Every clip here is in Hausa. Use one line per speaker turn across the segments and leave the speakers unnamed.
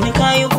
me ni you.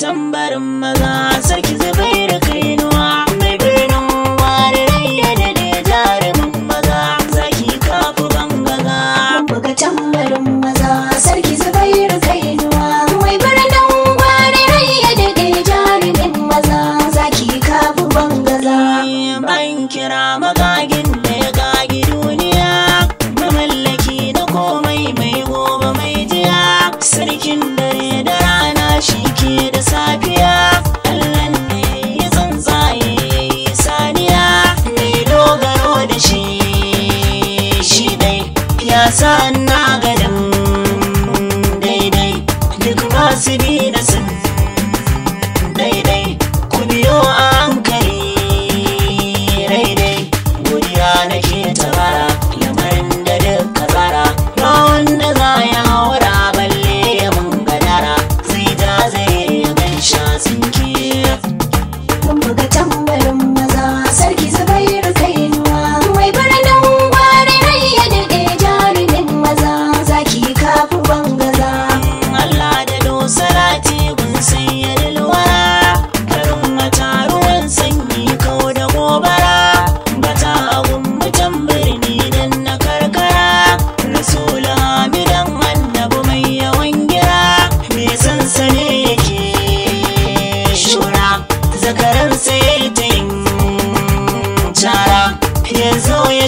tambaya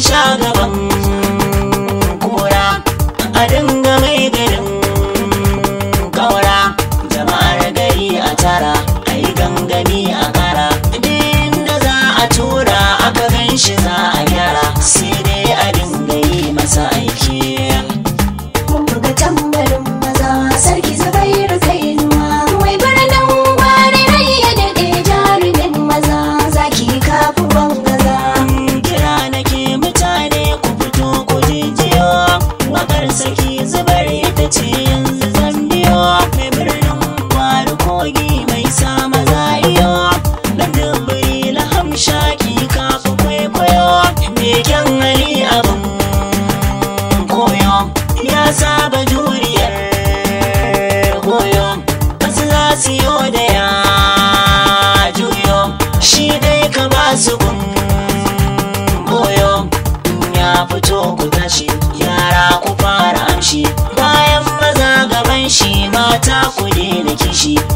sha kura a dinga mai gani she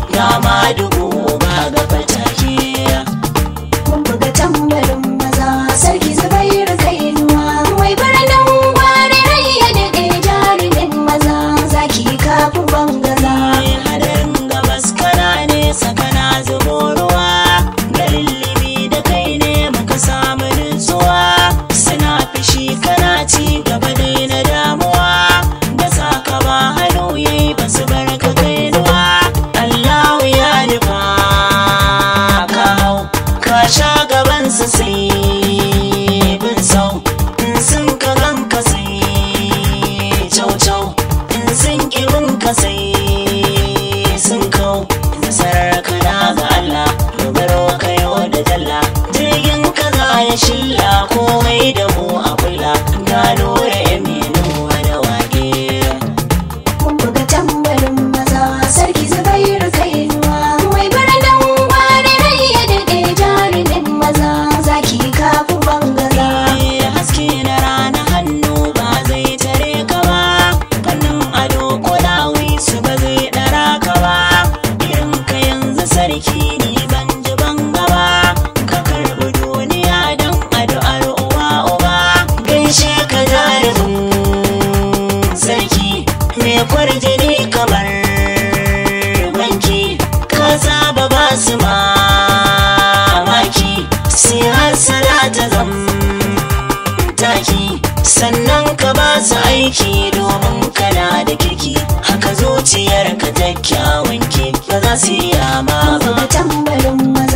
aiki domin kana da kirki haka zuciyar ka kyakkyawan ki ba za su yi ma ba maza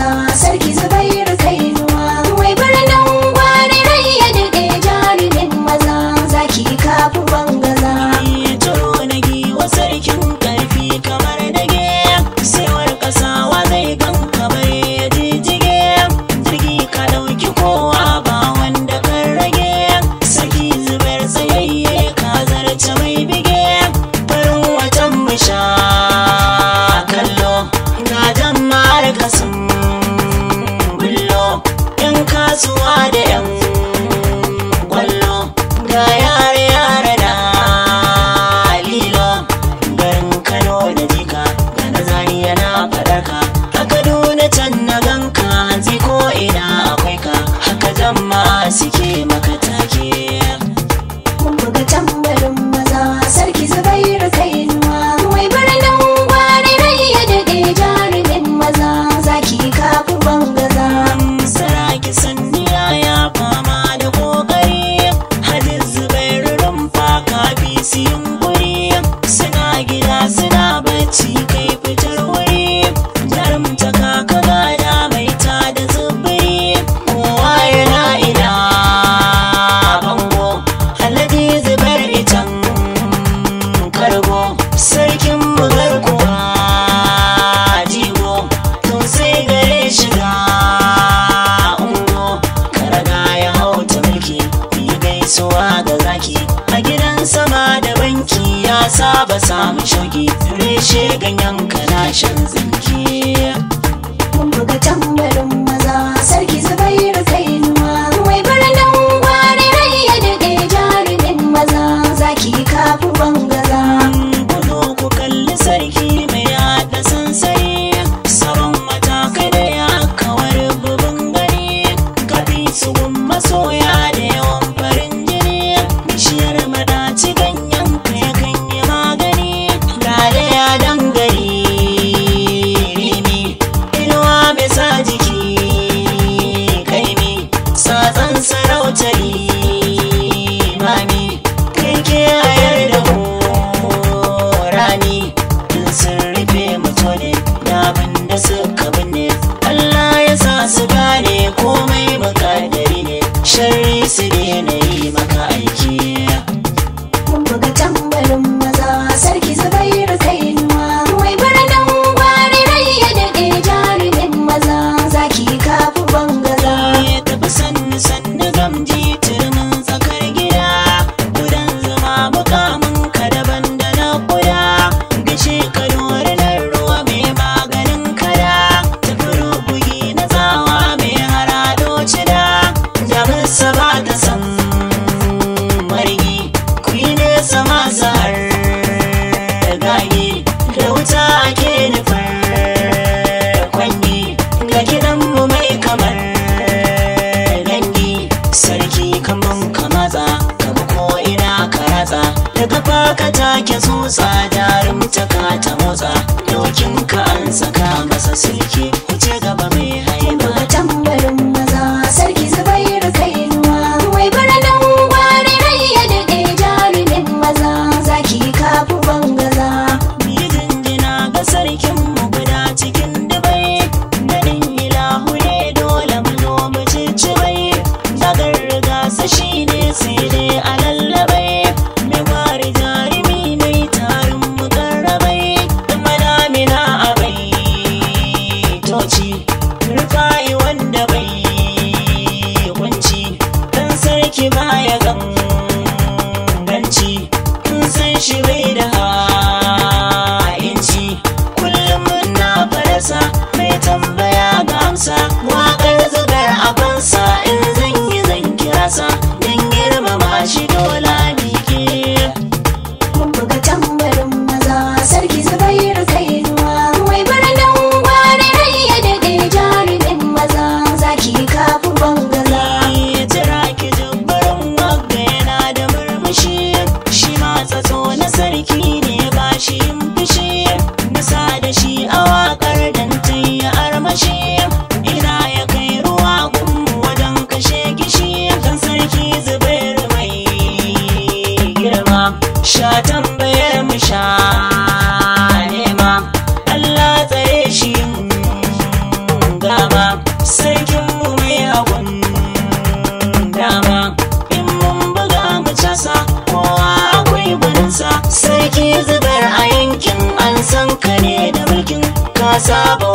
வாழும் sha tambayar mu sha nema Allah tsare shi gaba sarkin mu mai agun dama in mun buga mu casa kowa akwai gwaninsa sarki zubar a yankin an san ka ne da mulkin kasa ba.